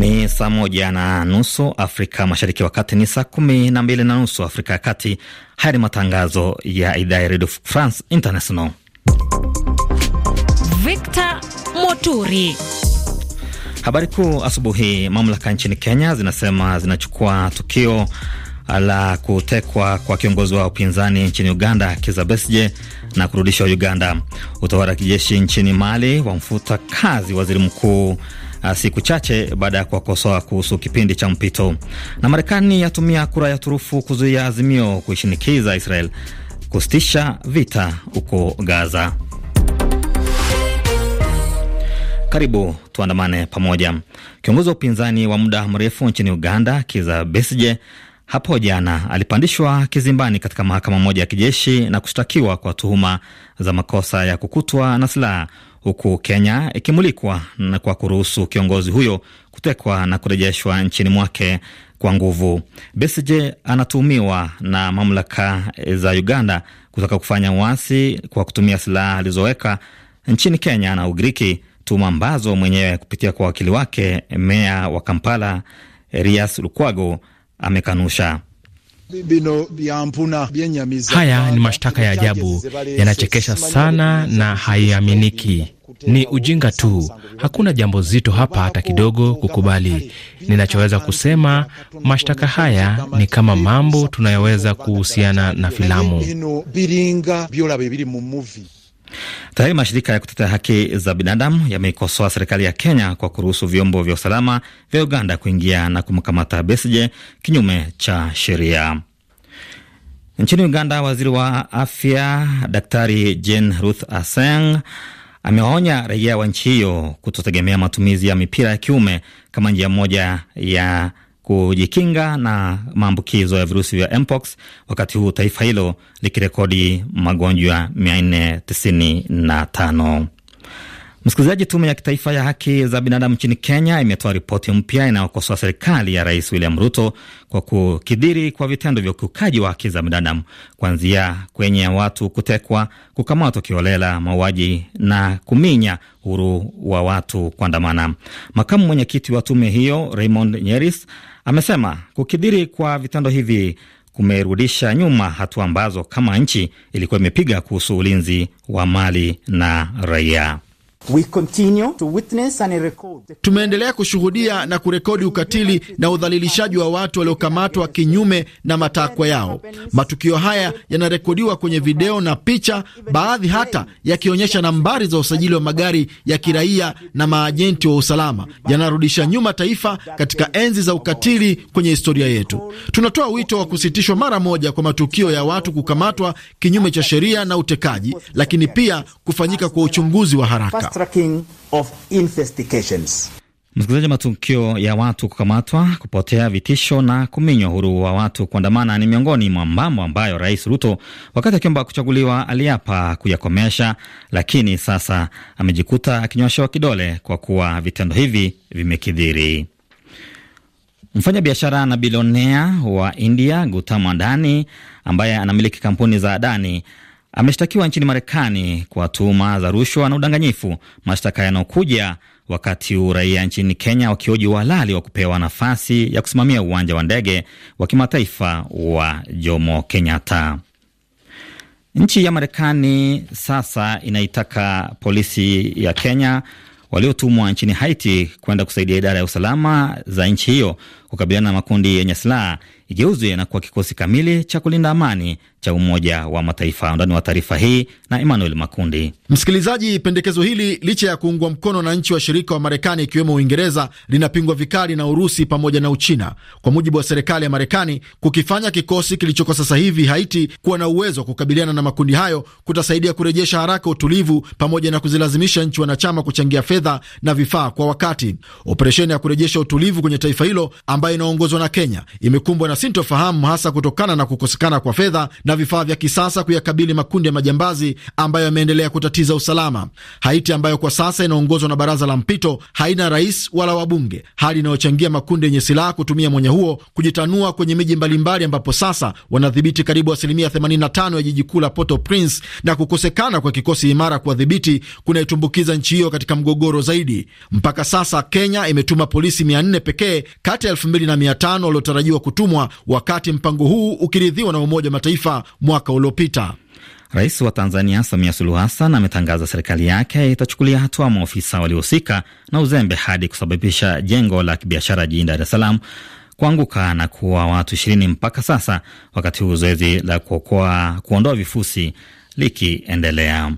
Ni saa moja na nusu Afrika Mashariki, wakati ni saa kumi na mbili na nusu Afrika ya Kati. Haya ni matangazo ya idhaa ya Redio France International. Victor Moturi. Habari kuu asubuhi. Mamlaka nchini Kenya zinasema zinachukua tukio la kutekwa kwa kiongozi wa upinzani nchini Uganda Kizza Besigye na kurudishwa Uganda. Utawala wa kijeshi nchini Mali wamfuta kazi waziri mkuu Ah, siku chache baada ya kuwakosoa kuhusu kipindi cha mpito. Na Marekani yatumia kura ya turufu kuzuia azimio kuishinikiza Israel kusitisha vita huko Gaza. Karibu tuandamane pamoja. Kiongozi wa upinzani wa muda mrefu nchini Uganda Kiza Besije hapo jana alipandishwa kizimbani katika mahakama moja ya kijeshi na kushtakiwa kwa tuhuma za makosa ya kukutwa na silaha huku Kenya ikimulikwa na kwa kuruhusu kiongozi huyo kutekwa na kurejeshwa nchini mwake kwa nguvu. Besigye anatuhumiwa na mamlaka za Uganda kutaka kufanya uasi kwa kutumia silaha alizoweka nchini Kenya na Ugiriki, tuhuma ambazo mwenyewe kupitia kwa wakili wake meya wa Kampala Erias Lukwago amekanusha. Haya ni mashtaka ya ajabu, yanachekesha sana na haiaminiki. Ni ujinga tu, hakuna jambo zito hapa hata kidogo kukubali. Ninachoweza kusema mashtaka haya ni kama mambo tunayoweza kuhusiana na filamu. Tayari mashirika ya kutetea haki za binadamu yameikosoa serikali ya Kenya kwa kuruhusu vyombo vya usalama vya Uganda kuingia na kumkamata Besigye kinyume cha sheria. Nchini Uganda, waziri wa afya Daktari Jane Ruth Aseng amewaonya raia wa nchi hiyo kutotegemea matumizi ya mipira ya kiume kama njia moja ya kujikinga na maambukizo ya virusi vya mpox, wakati huu taifa hilo likirekodi magonjwa 495. Msikilizaji, tume ya kitaifa ya haki za binadamu nchini Kenya imetoa ripoti mpya inayokosoa serikali ya Rais William Ruto kwa kukidhiri kwa vitendo vya ukiukaji wa haki za binadamu, kuanzia kwenye watu kutekwa, kukamatwa kiholela, mauaji na kuminya uhuru wa watu kuandamana. Makamu mwenyekiti wa tume hiyo Raymond Nyeris amesema kukidhiri kwa vitendo hivi kumerudisha nyuma hatua ambazo kama nchi ilikuwa imepiga kuhusu ulinzi wa mali na raia. Tumeendelea kushuhudia na kurekodi ukatili na udhalilishaji wa watu waliokamatwa kinyume na matakwa yao. Matukio haya yanarekodiwa kwenye video na picha, baadhi hata yakionyesha nambari za usajili wa magari ya kiraia na maajenti wa usalama. Yanarudisha nyuma taifa katika enzi za ukatili kwenye historia yetu. Tunatoa wito wa kusitishwa mara moja kwa matukio ya watu kukamatwa kinyume cha sheria na utekaji, lakini pia kufanyika kwa uchunguzi wa haraka backtracking of investigations. Msikilizaji, matukio ya watu kukamatwa, kupotea, vitisho na kuminywa uhuru wa watu kuandamana ni miongoni mwa mambo ambayo Rais Ruto wakati akiomba kuchaguliwa aliapa kuyakomesha, lakini sasa amejikuta akinyoshewa kidole kwa kuwa vitendo hivi vimekidhiri. Mfanyabiashara na bilionea wa India Gautam Adani ambaye anamiliki kampuni za Adani ameshtakiwa nchini Marekani kwa tuhuma za rushwa na udanganyifu, mashtaka yanayokuja wakati uraia nchini Kenya wakioji uhalali wa kupewa nafasi ya kusimamia uwanja wa ndege wa kimataifa wa Jomo Kenyatta. Nchi ya Marekani sasa inaitaka polisi ya Kenya waliotumwa nchini Haiti kwenda kusaidia idara ya usalama za nchi hiyo kukabiliana na makundi yenye silaha igeuzwe na kuwa kikosi kamili cha kulinda amani cha Umoja wa Mataifa. Undani wa taarifa hii na Emmanuel Makundi. Msikilizaji, pendekezo hili licha ya kuungwa mkono na nchi washirika wa Marekani ikiwemo Uingereza linapingwa vikali na Urusi pamoja na Uchina. Kwa mujibu wa serikali ya Marekani, kukifanya kikosi kilichoko sasa hivi Haiti kuwa na uwezo wa kukabiliana na makundi hayo kutasaidia kurejesha haraka utulivu pamoja na kuzilazimisha nchi wanachama kuchangia fedha na vifaa kwa wakati. Operesheni ya kurejesha utulivu kwenye taifa hilo ambayo inaongozwa na Kenya imekumbwa na sintofahamu hasa kutokana na kukosekana kwa fedha na vifaa vya kisasa kuyakabili makundi ya majambazi ambayo yameendelea kutatiza usalama. Haiti ambayo kwa sasa inaongozwa na baraza la mpito haina rais wala wabunge, hali inayochangia makundi yenye silaha kutumia mwenye huo kujitanua kwenye miji mbalimbali, ambapo sasa wanadhibiti karibu asilimia 85 ya jiji kuu la Port-au-Prince, na kukosekana kwa kikosi imara kuwadhibiti kunaitumbukiza nchi hiyo katika mgogoro zaidi. Mpaka sasa Kenya imetuma polisi 400 pekee kati ya elfu 2500 waliotarajiwa kutumwa wakati mpango huu ukiridhiwa na Umoja wa Mataifa mwaka uliopita. Rais wa Tanzania Samia Suluhu Hassan ametangaza serikali yake itachukulia hatua maofisa waliohusika na uzembe hadi kusababisha jengo la kibiashara jijini Dar es Salaam kuanguka na kuwa watu ishirini mpaka sasa, wakati huu zoezi la kuokoa kuondoa vifusi likiendelea.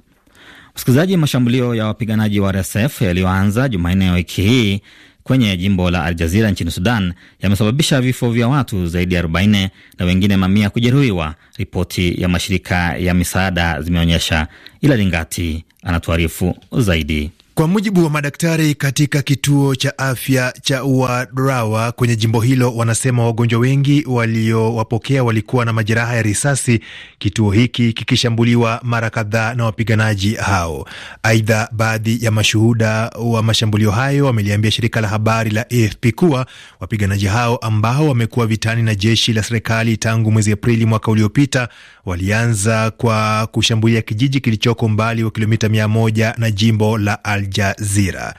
Msikilizaji, mashambulio ya wapiganaji wa RSF yaliyoanza Jumanne ya wiki hii kwenye jimbo la Aljazira nchini Sudan yamesababisha vifo vya watu zaidi ya 40 na wengine mamia kujeruhiwa, ripoti ya mashirika ya misaada zimeonyesha. Ila Lingati anatuarifu zaidi. Kwa mujibu wa madaktari katika kituo cha afya cha Wadrawa kwenye jimbo hilo, wanasema wagonjwa wengi waliowapokea walikuwa na majeraha ya risasi, kituo hiki kikishambuliwa mara kadhaa na wapiganaji hao. Aidha, baadhi ya mashuhuda wa mashambulio hayo wameliambia shirika la habari la AFP kuwa wapiganaji hao ambao wamekuwa vitani na jeshi la serikali tangu mwezi Aprili mwaka uliopita walianza kwa kushambulia kijiji kilichoko mbali wa kilomita mia moja na jimbo la Al Al Jazeera.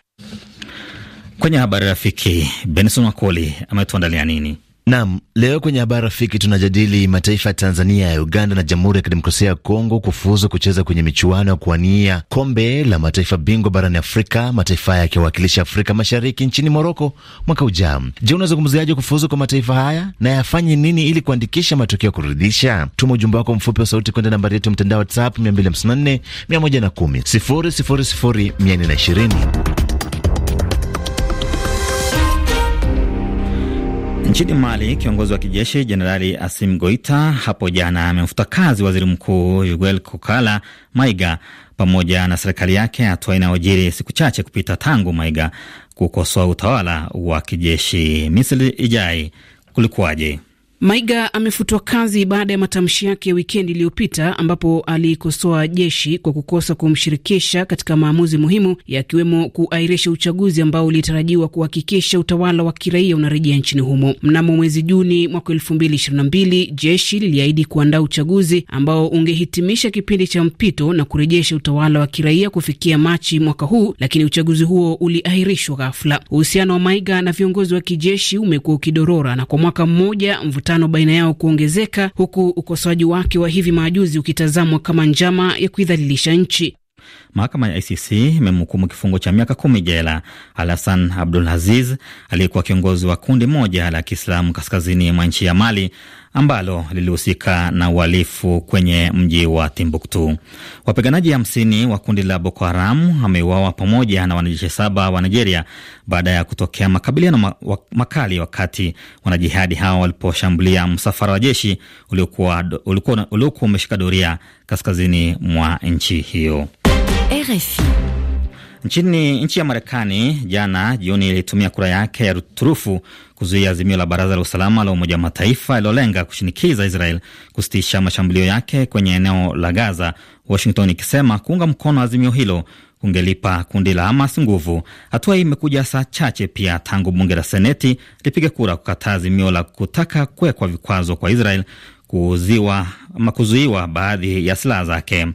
Kwenye habari rafiki, Benson Wakoli ametuandalia nini? Nam, leo kwenye habari rafiki tunajadili mataifa ya Tanzania ya Uganda na Jamhuri ya Kidemokrasia ya Kongo kufuzu kucheza kwenye michuano ya kuwania kombe la mataifa bingwa barani Afrika, mataifa haya yakiwakilisha Afrika Mashariki nchini Moroko mwaka ujao. Je, unazungumziaje kufuzu kwa mataifa haya na yafanye nini ili kuandikisha matokeo ya kuridhisha? Tuma ujumbe wako mfupi wa sauti kwenda nambari yetu ya mtandao WhatsApp 254 110 000 420. Nchini Mali, kiongozi wa kijeshi Jenerali Asim Goita hapo jana amemfuta kazi waziri mkuu Yuguel Kokala Maiga pamoja na serikali yake, hatua inayojiri siku chache kupita tangu Maiga kukosoa utawala wa kijeshi. Misri Ijai, kulikuwaje? Maiga amefutwa kazi baada ya matamshi yake ya wikendi iliyopita ambapo alikosoa jeshi kwa kukosa kumshirikisha katika maamuzi muhimu yakiwemo kuairisha uchaguzi ambao ulitarajiwa kuhakikisha utawala wa kiraia unarejea nchini humo. Mnamo mwezi Juni mwaka 2022 jeshi liliahidi kuandaa uchaguzi ambao ungehitimisha kipindi cha mpito na kurejesha utawala wa kiraia kufikia Machi mwaka huu, lakini uchaguzi huo uliahirishwa ghafla. Uhusiano wa Maiga na viongozi wa kijeshi umekuwa ukidorora na kwa mwaka mmoja mvuta mivutano baina yao kuongezeka, huku ukosoaji wake wa hivi majuzi ukitazamwa kama njama ya kuidhalilisha nchi. Mahakama ya ICC imemhukumu kifungo cha miaka kumi jela Alasan Abdul Aziz aliyekuwa kiongozi wa kundi moja la Kiislamu kaskazini mwa nchi ya Mali ambalo lilihusika na uhalifu kwenye mji wa Timbuktu. Wapiganaji hamsini wa kundi la Boko Haram wameuawa pamoja na wanajeshi saba wa Nigeria baada ya kutokea makabiliano makali wakati wanajihadi hao waliposhambulia msafara wa jeshi uliokuwa umeshika doria kaskazini mwa nchi hiyo. RFI. Nchini nchi ya Marekani jana jioni ilitumia kura yake ya turufu kuzuia azimio la Baraza la Usalama la Umoja wa Mataifa lilolenga kushinikiza Israel kusitisha mashambulio yake kwenye eneo la Gaza, Washington ikisema kuunga mkono azimio hilo kungelipa kundi la Hamas nguvu. Hatua hii imekuja saa chache pia tangu bunge la Seneti lipige kura kukataa azimio la kutaka kuwekwa vikwazo kwa Israel kuuziwa ama kuzuiwa baadhi ya silaha zake.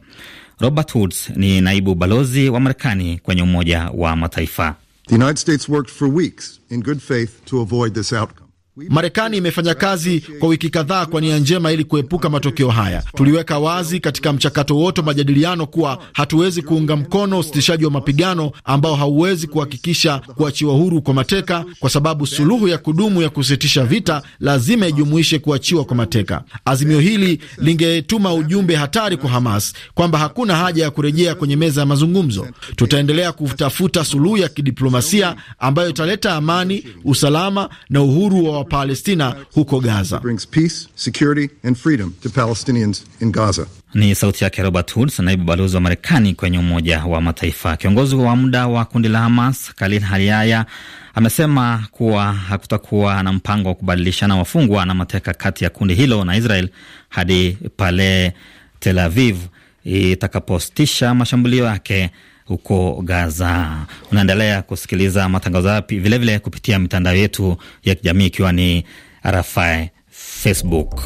Robert Woods ni naibu balozi wa Marekani kwenye Umoja wa Mataifa. The United States worked for weeks in good faith to avoid this outcome. Marekani imefanya kazi kwa wiki kadhaa kwa nia njema ili kuepuka matokeo haya. Tuliweka wazi katika mchakato wote wa majadiliano kuwa hatuwezi kuunga mkono usitishaji wa mapigano ambao hauwezi kuhakikisha kuachiwa huru kwa mateka, kwa sababu suluhu ya kudumu ya kusitisha vita lazima ijumuishe kuachiwa kwa mateka. Azimio hili lingetuma ujumbe hatari kwa Hamas kwamba hakuna haja ya kurejea kwenye meza ya mazungumzo. Tutaendelea kutafuta suluhu ya kidiplomasia ambayo italeta amani, usalama na uhuru wa Palestina huko Gaza. Ni sauti yake Robert Woods, naibu balozi wa Marekani kwenye Umoja wa Mataifa. Kiongozi wa muda wa kundi la Hamas Khalil haliaya amesema kuwa hakutakuwa na mpango wa kubadilishana wafungwa na mateka kati ya kundi hilo na Israel hadi pale Tel Aviv itakapositisha mashambulio yake huko Gaza. Unaendelea kusikiliza matangazo yapi vilevile kupitia mitandao yetu ya kijamii ikiwa ni RFI Facebook.